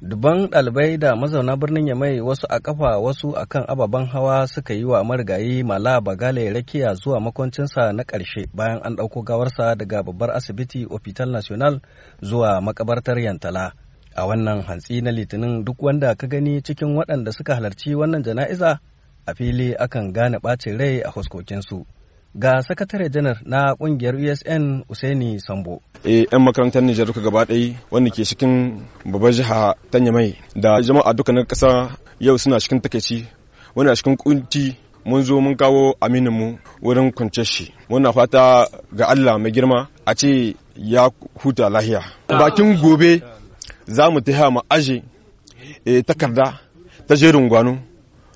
Duban ɗalibai da mazauna birnin Yamai wasu a kafa wasu a kan ababen hawa suka yi wa marigayi Mala Bagale rakiya zuwa makwancinsa na ƙarshe bayan an ɗauko gawarsa daga babbar asibiti hospital National zuwa makabartar Yantala. A wannan hantsi na Litinin duk wanda ka gani cikin waɗanda suka halarci wannan jana'iza a fili akan gane ɓacin rai a huskokinsu. ga sakatare janar na kungiyar usn usaini sambo e eh, yan makarantar nijar duka gaba ɗaya wanda ke cikin babbar jiha ta nyamai da jama'a duka na ƙasa yau suna cikin takaici wani a cikin kunci mun zo mun kawo aminin mu wurin kwance shi muna fata ga allah mai girma a ce ya huta lahiya bakin gobe za mu ta mu aje eh, takarda ta jerin gwano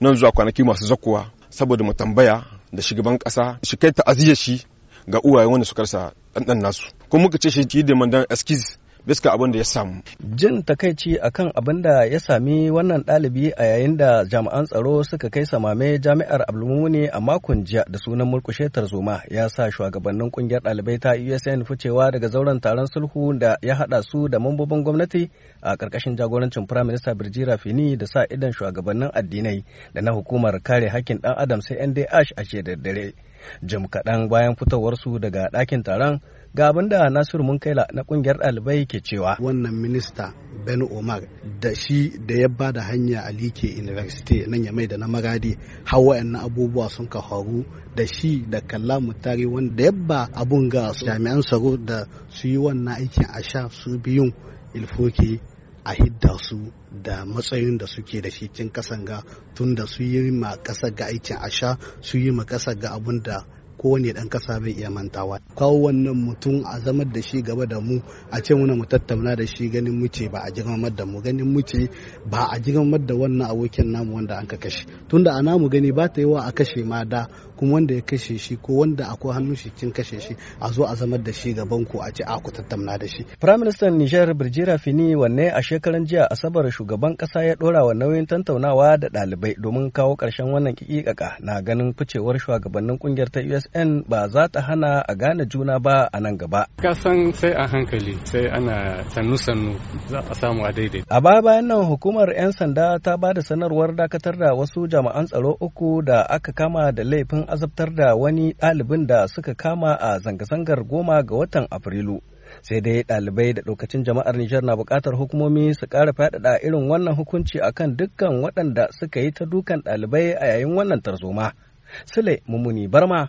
nan zuwa kwanaki masu zakuwa saboda mu tambaya da shugaban ƙasa shi kai aziyar shi ga uwaye wanda suka rasa ɗanɗan nasu kuma muka ce shi ki da mandan eskiz bisa abin da ya samu. Jin takaici akan abin da ya sami wannan ɗalibi a yayin da jami'an tsaro suka kai samame jami'ar Abdulmumuni a makon jiya da sunan murkushe tarzoma ya sa shugabannin kungiyar ɗalibai ta USN ficewa daga zauren taron sulhu da ya haɗa su da mambobin gwamnati a ƙarƙashin jagorancin Firayim Minista Birji Rafini da sa idan shugabannin addinai da na hukumar kare hakkin ɗan Adam sai NDH a da dare. Jim kaɗan bayan fitowarsu daga ɗakin taron Ga abin da Nasir Munkaila na kungiyar ɗalibai ke cewa. Wannan minista Ben Omar da shi da ya ba da hanya a Like University nan ya mai da na Maradi har na abubuwa sun ka faru da shi da kalla mutari wanda ya ba abun ga jami'an tsaro da su yi wannan aikin a sha su biyun ilfoki a hidda su da matsayin da suke da shi cin kasan ga tun da su yi ma kasa ga aikin a sha su yi ma kasa ga abun da kowane dan kasa bai iya mantawa kawo wannan mutum a zamar da shi gaba da mu a ce muna mu tattauna da shi ganin mu ce ba a jigamar da mu ganin mu ce ba a jigamar da wannan abokin namu wanda an ka kashe tunda a namu gani ba ta yawa a kashe ma da kuma wanda ya kashe shi ko wanda akwai hannun shi cin kashe shi a zo a zama da shi gaban ku a ce a ku tattauna da shi Prime Minister Niger Birjira Fini wanne a shekaran jiya Asabar shugaban kasa ya dora wa nauyin tantaunawa da ɗalibai domin kawo karshen wannan kikikaka na ganin ficewar shugabannin kungiyar ta US yan ba za ta hana a gane juna ba a nan gaba. Kasan sai a hankali sai ana sannu-sannu za a samu a daidai. A baya bayan nan hukumar 'yan sanda ta ba da sanarwar dakatar da wasu jami'an tsaro uku da aka kama da laifin azabtar da wani ɗalibin da suka kama a zanga-zangar goma ga watan Afrilu. sai dai ɗalibai da ɗaukacin jama'ar Nijar na buƙatar hukumomi su ƙara faɗaɗa irin wannan hukunci akan dukkan waɗanda suka yi ta dukan ɗalibai a yayin wannan tarzoma. Sule Mumuni Barma